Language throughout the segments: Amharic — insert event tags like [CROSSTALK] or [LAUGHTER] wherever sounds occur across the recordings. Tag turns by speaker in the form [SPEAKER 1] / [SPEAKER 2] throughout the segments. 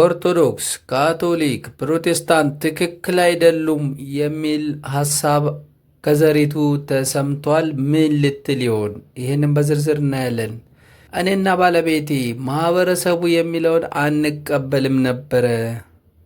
[SPEAKER 1] ኦርቶዶክስ፣ ካቶሊክ፣ ፕሮቴስታንት ትክክል አይደሉም የሚል ሀሳብ ከዘሪቱ ተሰምቷል። ምን ልትል ይሆን? ይህንም በዝርዝር እናያለን። እኔና ባለቤቴ ማህበረሰቡ የሚለውን አንቀበልም ነበረ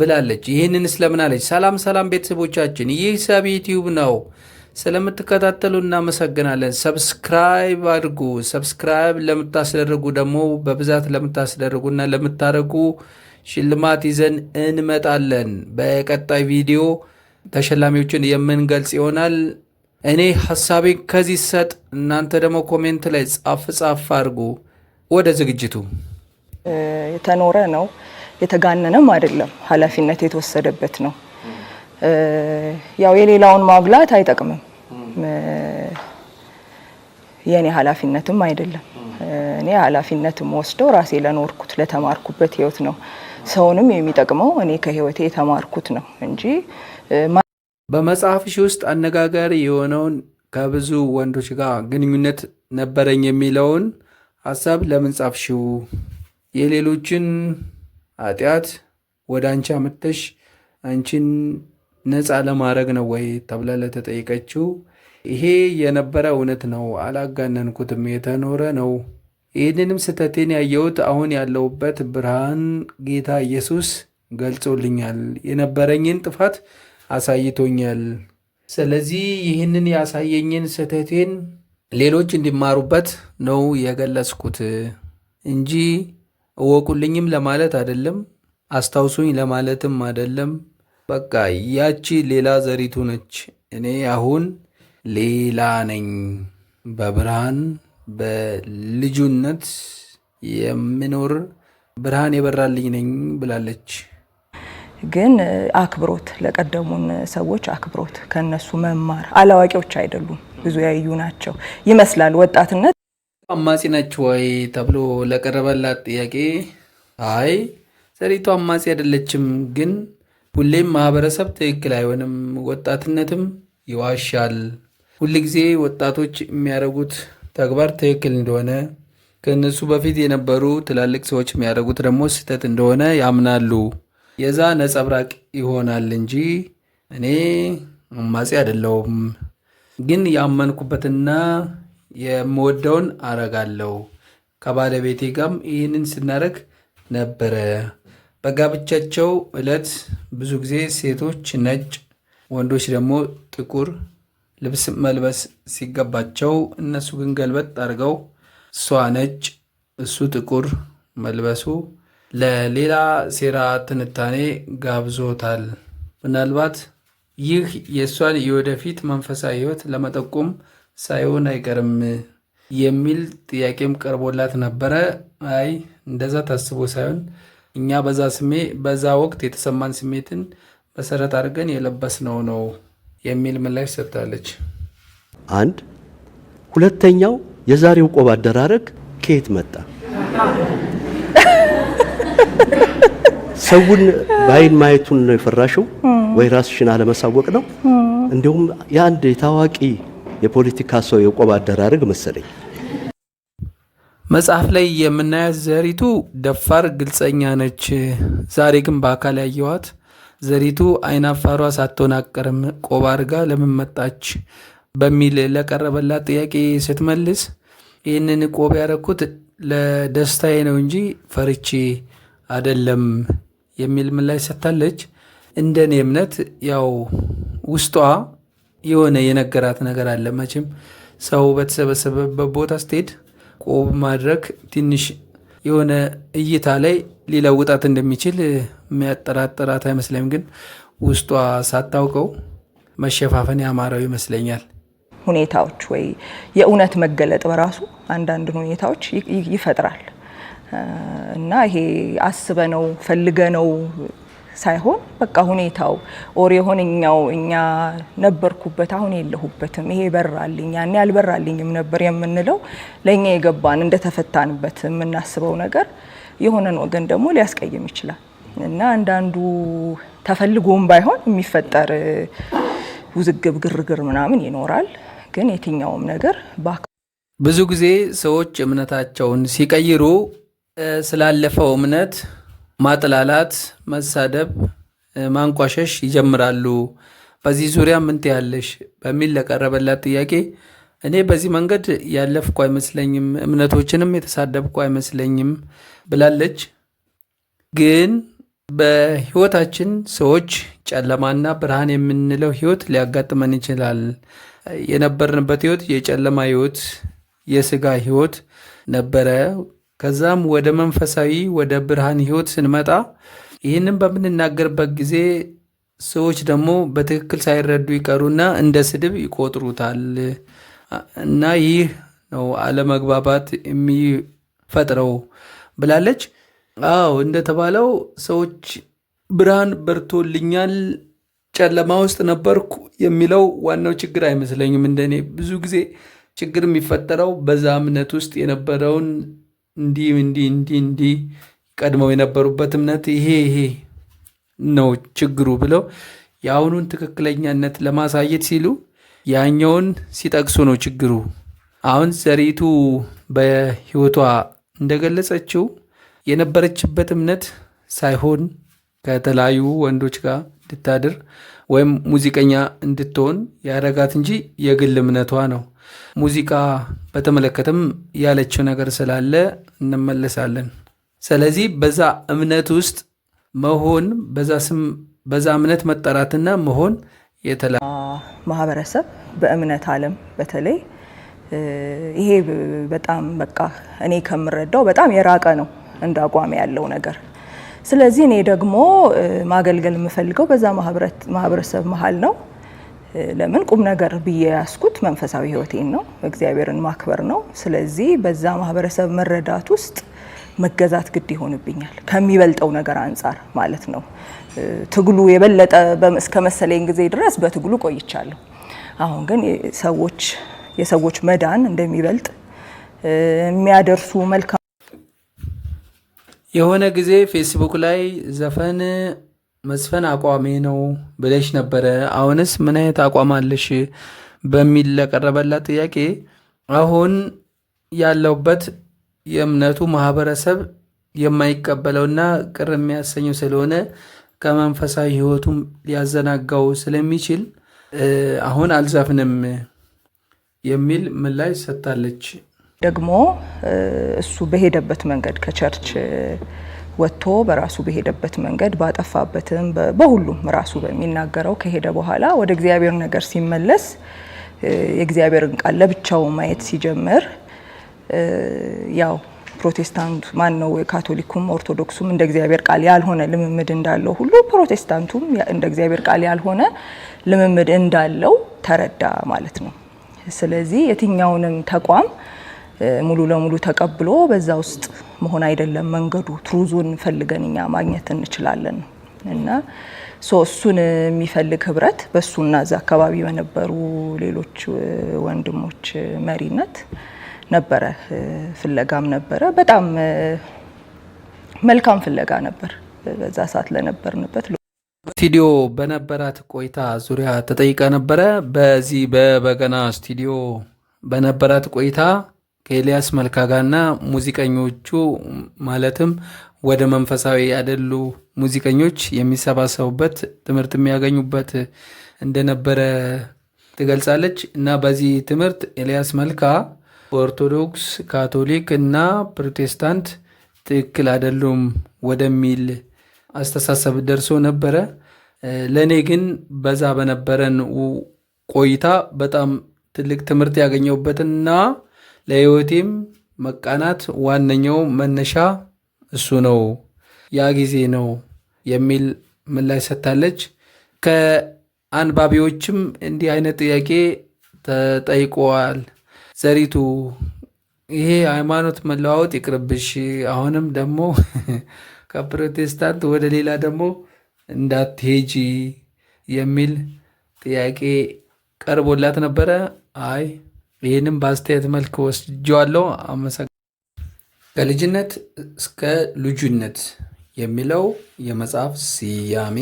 [SPEAKER 1] ብላለች። ይህንን ስለምን አለች? ሰላም ሰላም ቤተሰቦቻችን፣ ይህ ሰብ ዩቲዩብ ነው። ስለምትከታተሉ እናመሰግናለን። ሰብስክራይብ አድርጉ። ሰብስክራይብ ለምታስደርጉ ደግሞ በብዛት ለምታስደርጉና ለምታደርጉ ሽልማት ይዘን እንመጣለን። በቀጣይ ቪዲዮ ተሸላሚዎችን የምንገልጽ ይሆናል። እኔ ሐሳቤ ከዚህ ሰጥ፣ እናንተ ደግሞ ኮሜንት ላይ ጻፍ ጻፍ አድርጉ። ወደ ዝግጅቱ
[SPEAKER 2] የተኖረ ነው የተጋነነም አይደለም። ኃላፊነት የተወሰደበት ነው። ያው የሌላውን ማብላት አይጠቅምም። የእኔ ኃላፊነትም አይደለም። እኔ ኃላፊነትም ወስደው ራሴ ለኖርኩት ለተማርኩበት ህይወት ነው ሰውንም የሚጠቅመው እኔ ከህይወቴ የተማርኩት ነው እንጂ
[SPEAKER 1] በመጽሐፍሽ ውስጥ አነጋጋሪ የሆነውን ከብዙ ወንዶች ጋር ግንኙነት ነበረኝ የሚለውን ሀሳብ ለምን ጻፍሽው? የሌሎችን ኃጢአት ወደ አንቺ አምጥተሽ አንቺን ነፃ ለማድረግ ነው ወይ ተብላ ለተጠየቀችው ይሄ የነበረ እውነት ነው፣ አላጋነንኩትም፣ የተኖረ ነው ይህንንም ስህተቴን ያየሁት አሁን ያለሁበት ብርሃን ጌታ ኢየሱስ ገልጾልኛል፣ የነበረኝን ጥፋት አሳይቶኛል። ስለዚህ ይህንን ያሳየኝን ስህተቴን ሌሎች እንዲማሩበት ነው የገለጽኩት እንጂ እወቁልኝም ለማለት አይደለም፣ አስታውሱኝ ለማለትም አይደለም። በቃ ያቺ ሌላ ዘሪቱ ነች። እኔ አሁን ሌላ ነኝ በብርሃን በልጁነት የምኖር ብርሃን የበራልኝ ነኝ ብላለች።
[SPEAKER 2] ግን አክብሮት ለቀደሙን ሰዎች አክብሮት፣ ከነሱ መማር። አላዋቂዎች አይደሉም፣ ብዙ ያዩ ናቸው ይመስላል። ወጣትነት
[SPEAKER 1] አማጺ ነች ወይ ተብሎ ለቀረበላት ጥያቄ አይ ሰሪቱ አማጺ አይደለችም፣ ግን ሁሌም ማህበረሰብ ትክክል አይሆንም፣ ወጣትነትም ይዋሻል። ሁልጊዜ ወጣቶች የሚያደርጉት ተግባር ትክክል እንደሆነ ከእነሱ በፊት የነበሩ ትላልቅ ሰዎች የሚያደርጉት ደግሞ ስህተት እንደሆነ ያምናሉ። የዛ ነጸብራቅ ይሆናል እንጂ እኔ አማጺ አይደለሁም። ግን ያመንኩበትና የምወደውን አረጋለሁ። ከባለቤቴ ጋርም ይህንን ስናደርግ ነበረ። በጋብቻቸው ዕለት ብዙ ጊዜ ሴቶች ነጭ፣ ወንዶች ደግሞ ጥቁር ልብስ መልበስ ሲገባቸው እነሱ ግን ገልበጥ አድርገው እሷ ነጭ እሱ ጥቁር መልበሱ ለሌላ ሴራ ትንታኔ ጋብዞታል። ምናልባት ይህ የእሷን የወደፊት መንፈሳዊ ሕይወት ለመጠቆም ሳይሆን አይቀርም የሚል ጥያቄም ቀርቦላት ነበረ። አይ እንደዛ ታስቦ ሳይሆን እኛ በዛ ስሜ በዛ ወቅት የተሰማን ስሜትን መሰረት አድርገን የለበስነው ነው የሚል ምላሽ ሰጥታለች።
[SPEAKER 3] አንድ ሁለተኛው የዛሬው ቆብ አደራረግ ከየት መጣ? ሰውን በአይን ማየቱን ነው የፈራሽው ወይ ራስሽን አለመሳወቅ ነው? እንዲሁም የአንድ የታዋቂ የፖለቲካ ሰው የቆብ አደራረግ መሰለኝ።
[SPEAKER 1] መጽሐፍ ላይ የምናያት ዘሪቱ ደፋር ግልጸኛ ነች። ዛሬ ግን በአካል ያየኋት ዘሪቱ አይናፋሯ ሳትሆን አቀርም ቆባ አድርጋ ለምን መጣች በሚል ለቀረበላት ጥያቄ ስትመልስ ይህንን ቆብ ያደረኩት ለደስታዬ ነው እንጂ ፈርቼ አይደለም የሚል ምላሽ ሰጥታለች። እንደኔ እምነት ያው ውስጧ የሆነ የነገራት ነገር አለ። መቼም ሰው በተሰበሰበበት ቦታ ስትሄድ ቆብ ማድረግ ትንሽ የሆነ እይታ ላይ ሊለውጣት እንደሚችል የሚያጠራጥራት አይመስለኝም። ግን ውስጧ ሳታውቀው መሸፋፈን ያማረው ይመስለኛል።
[SPEAKER 2] ሁኔታዎች ወይ የእውነት መገለጥ በራሱ አንዳንድ ሁኔታዎች ይፈጥራል እና ይሄ አስበነው ፈልገነው ሳይሆን በቃ ሁኔታው ኦር የሆነኛው እኛ ነበርኩበት አሁን የለሁበትም ይሄ በራልኝ ያኔ አልበራልኝም ነበር የምንለው ለእኛ የገባን እንደተፈታንበት የምናስበው ነገር የሆነን ወገን ደግሞ ሊያስቀይም ይችላል እና አንዳንዱ ተፈልጎም ባይሆን የሚፈጠር ውዝግብ፣ ግርግር ምናምን ይኖራል። ግን የትኛውም ነገር
[SPEAKER 1] ብዙ ጊዜ ሰዎች እምነታቸውን ሲቀይሩ ስላለፈው እምነት ማጥላላት፣ መሳደብ፣ ማንቋሸሽ ይጀምራሉ። በዚህ ዙሪያ ምን ትያለሽ? በሚል ለቀረበላት ጥያቄ እኔ በዚህ መንገድ ያለፍኩ አይመስለኝም፣ እምነቶችንም የተሳደብኩ አይመስለኝም ብላለች። ግን በህይወታችን ሰዎች ጨለማና ብርሃን የምንለው ህይወት ሊያጋጥመን ይችላል። የነበርንበት ህይወት የጨለማ ህይወት፣ የስጋ ህይወት ነበረ። ከዛም ወደ መንፈሳዊ ወደ ብርሃን ህይወት ስንመጣ ይህንን በምንናገርበት ጊዜ ሰዎች ደግሞ በትክክል ሳይረዱ ይቀሩና እንደ ስድብ ይቆጥሩታል እና ይህ ነው አለመግባባት የሚፈጥረው ብላለች። አዎ እንደተባለው ሰዎች ብርሃን በርቶልኛል፣ ጨለማ ውስጥ ነበርኩ የሚለው ዋናው ችግር አይመስለኝም። እንደኔ ብዙ ጊዜ ችግር የሚፈጠረው በዛ እምነት ውስጥ የነበረውን እንዲህ እንዲህ እንዲህ እንዲህ ቀድመው የነበሩበት እምነት ይሄ ይሄ ነው ችግሩ ብለው የአሁኑን ትክክለኛነት ለማሳየት ሲሉ ያኛውን ሲጠቅሱ ነው ችግሩ። አሁን ዘሪቱ በሕይወቷ እንደገለጸችው የነበረችበት እምነት ሳይሆን ከተለያዩ ወንዶች ጋር እንድታድር ወይም ሙዚቀኛ እንድትሆን ያደረጋት እንጂ የግል እምነቷ ነው። ሙዚቃ በተመለከተም ያለችው ነገር ስላለ እንመለሳለን። ስለዚህ በዛ እምነት ውስጥ መሆን በዛ እምነት መጠራትና መሆን የተለ
[SPEAKER 2] ማህበረሰብ በእምነት ዓለም በተለይ ይሄ በጣም በቃ እኔ ከምረዳው በጣም የራቀ ነው እንደ አቋም ያለው ነገር። ስለዚህ እኔ ደግሞ ማገልገል የምፈልገው በዛ ማህበረሰብ መሀል ነው። ለምን ቁም ነገር ብዬ ያስኩት መንፈሳዊ ህይወቴን ነው፣ እግዚአብሔርን ማክበር ነው። ስለዚህ በዛ ማህበረሰብ መረዳት ውስጥ መገዛት ግድ ይሆንብኛል ከሚበልጠው ነገር አንጻር ማለት ነው። ትግሉ የበለጠ እስከ መሰለኝ ጊዜ ድረስ በትግሉ ቆይቻለሁ። አሁን ግን ሰዎች የሰዎች መዳን እንደሚበልጥ የሚያደርሱ መልካም
[SPEAKER 1] የሆነ ጊዜ ፌስቡክ ላይ ዘፈን መዝፈን አቋሜ ነው ብለሽ ነበረ። አሁንስ ምን አይነት አቋም አለሽ? በሚል ለቀረበላት ጥያቄ አሁን ያለውበት የእምነቱ ማህበረሰብ የማይቀበለውና ቅር የሚያሰኘው ስለሆነ ከመንፈሳዊ ህይወቱም ሊያዘናጋው ስለሚችል አሁን አልዘፍንም የሚል ምላሽ ሰጥታለች።
[SPEAKER 2] ደግሞ እሱ በሄደበት መንገድ ከቸርች ወጥቶ በራሱ በሄደበት መንገድ ባጠፋበትም በሁሉም ራሱ በሚናገረው ከሄደ በኋላ ወደ እግዚአብሔር ነገር ሲመለስ የእግዚአብሔርን ቃል ለብቻው ማየት ሲጀምር ያው ፕሮቴስታንቱ ማን ነው የካቶሊኩም ኦርቶዶክሱም እንደ እግዚአብሔር ቃል ያልሆነ ልምምድ እንዳለው ሁሉ ፕሮቴስታንቱም እንደ እግዚአብሔር ቃል ያልሆነ ልምምድ እንዳለው ተረዳ ማለት ነው። ስለዚህ የትኛውንም ተቋም ሙሉ ለሙሉ ተቀብሎ በዛ ውስጥ መሆን አይደለም መንገዱ። ትሩዙን ፈልገን እኛ ማግኘት እንችላለን እና እሱን የሚፈልግ ህብረት በእሱና እዛ አካባቢ በነበሩ ሌሎች ወንድሞች መሪነት ነበረ። ፍለጋም ነበረ፣ በጣም መልካም ፍለጋ ነበር በዛ ሰዓት ለነበርንበት
[SPEAKER 1] ስቱዲዮ በነበራት ቆይታ ዙሪያ ተጠይቃ ነበረ። በዚህ በበገና ስቱዲዮ በነበራት ቆይታ ከኤልያስ መልካ ጋርና ሙዚቀኞቹ ማለትም ወደ መንፈሳዊ ያደሉ ሙዚቀኞች የሚሰባሰቡበት ትምህርት የሚያገኙበት እንደነበረ ትገልጻለች እና በዚህ ትምህርት ኤልያስ መልካ ኦርቶዶክስ፣ ካቶሊክ እና ፕሮቴስታንት ትክክል አይደሉም ወደሚል አስተሳሰብ ደርሶ ነበረ። ለእኔ ግን በዛ በነበረን ቆይታ በጣም ትልቅ ትምህርት ያገኘሁበትና ለህይወቴም መቃናት ዋነኛው መነሻ እሱ ነው፣ ያ ጊዜ ነው የሚል ምላሽ ሰጥታለች። ከአንባቢዎችም እንዲህ አይነት ጥያቄ ተጠይቀዋል። ዘሪቱ ይሄ ሃይማኖት መለዋወጥ ይቅርብሽ፣ አሁንም ደግሞ [LAUGHS] ከፕሮቴስታንት ወደ ሌላ ደግሞ እንዳትሄጂ የሚል ጥያቄ ቀርቦላት ነበረ። አይ ይህንም በአስተያየት መልክ ወስጀዋለሁ። አመሰግ ከልጅነት እስከ ልጁነት የሚለው የመጽሐፍ ስያሜ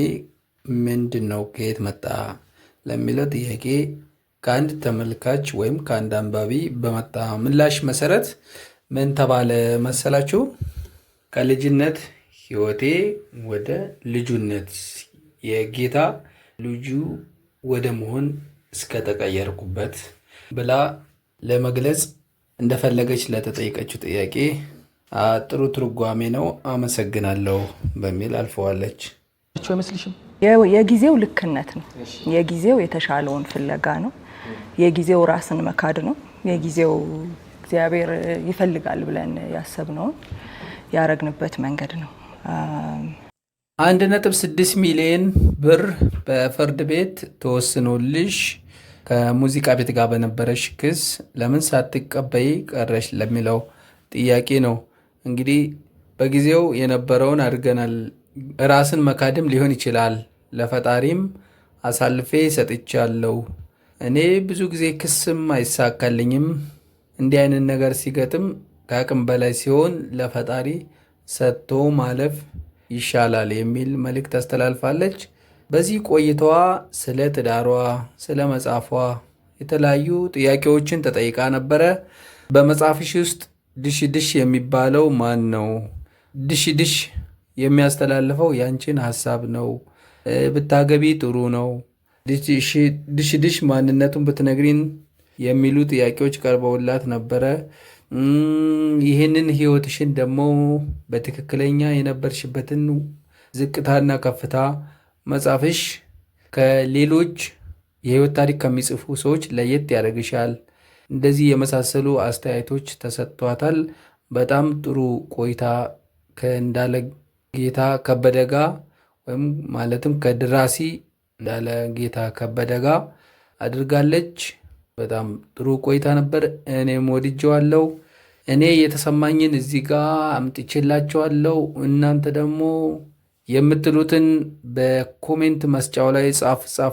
[SPEAKER 1] ምንድን ነው? ከየት መጣ? ለሚለው ጥያቄ ከአንድ ተመልካች ወይም ከአንድ አንባቢ በመጣ ምላሽ መሰረት ምን ተባለ መሰላችሁ? ከልጅነት ህይወቴ ወደ ልጁነት የጌታ ልጁ ወደ መሆን እስከተቀየርኩበት ብላ ለመግለጽ እንደፈለገች ለተጠየቀችው ጥያቄ ጥሩ ትርጓሜ ነው፣ አመሰግናለሁ በሚል አልፈዋለች።
[SPEAKER 3] አይመስልሽም?
[SPEAKER 2] የጊዜው ልክነት ነው። የጊዜው የተሻለውን ፍለጋ ነው። የጊዜው ራስን መካድ ነው። የጊዜው እግዚአብሔር ይፈልጋል ብለን ያሰብነውን ያረግንበት መንገድ ነው።
[SPEAKER 1] አንድ ነጥብ ስድስት ሚሊዮን ብር በፍርድ ቤት ተወስኖልሽ ከሙዚቃ ቤት ጋር በነበረሽ ክስ ለምን ሳትቀበይ ቀረሽ ለሚለው ጥያቄ ነው። እንግዲህ በጊዜው የነበረውን አድርገናል። ራስን መካድም ሊሆን ይችላል። ለፈጣሪም አሳልፌ ሰጥቻለሁ። እኔ ብዙ ጊዜ ክስም አይሳካልኝም። እንዲህ አይነት ነገር ሲገጥም ከአቅም በላይ ሲሆን ለፈጣሪ ሰጥቶ ማለፍ ይሻላል የሚል መልእክት አስተላልፋለች። በዚህ ቆይታዋ ስለ ትዳሯ፣ ስለ መጽሐፏ የተለያዩ ጥያቄዎችን ተጠይቃ ነበረ። በመጽሐፍሽ ውስጥ ድሽ ድሽ የሚባለው ማን ነው? ድሽ ድሽ የሚያስተላልፈው ያንቺን ሀሳብ ነው። ብታገቢ ጥሩ ነው። ድሽ ድሽ ማንነቱን ብትነግሪን የሚሉ ጥያቄዎች ቀርበውላት ነበረ። ይህንን ህይወትሽን ደግሞ በትክክለኛ የነበርሽበትን ዝቅታና ከፍታ መጻፍሽ ከሌሎች የህይወት ታሪክ ከሚጽፉ ሰዎች ለየት ያደርግሻል። እንደዚህ የመሳሰሉ አስተያየቶች ተሰጥቷታል። በጣም ጥሩ ቆይታ ከእንዳለ ጌታ ከበደ ወይም ማለትም ከድራሲ እንዳለ ጌታ ከበደ ጋ አድርጋለች። በጣም ጥሩ ቆይታ ነበር። እኔም ወድጀዋለሁ። እኔ የተሰማኝን እዚህ ጋር አምጥቼላችኋለሁ። እናንተ ደግሞ የምትሉትን በኮሜንት መስጫው ላይ ጻፍ ጻፍ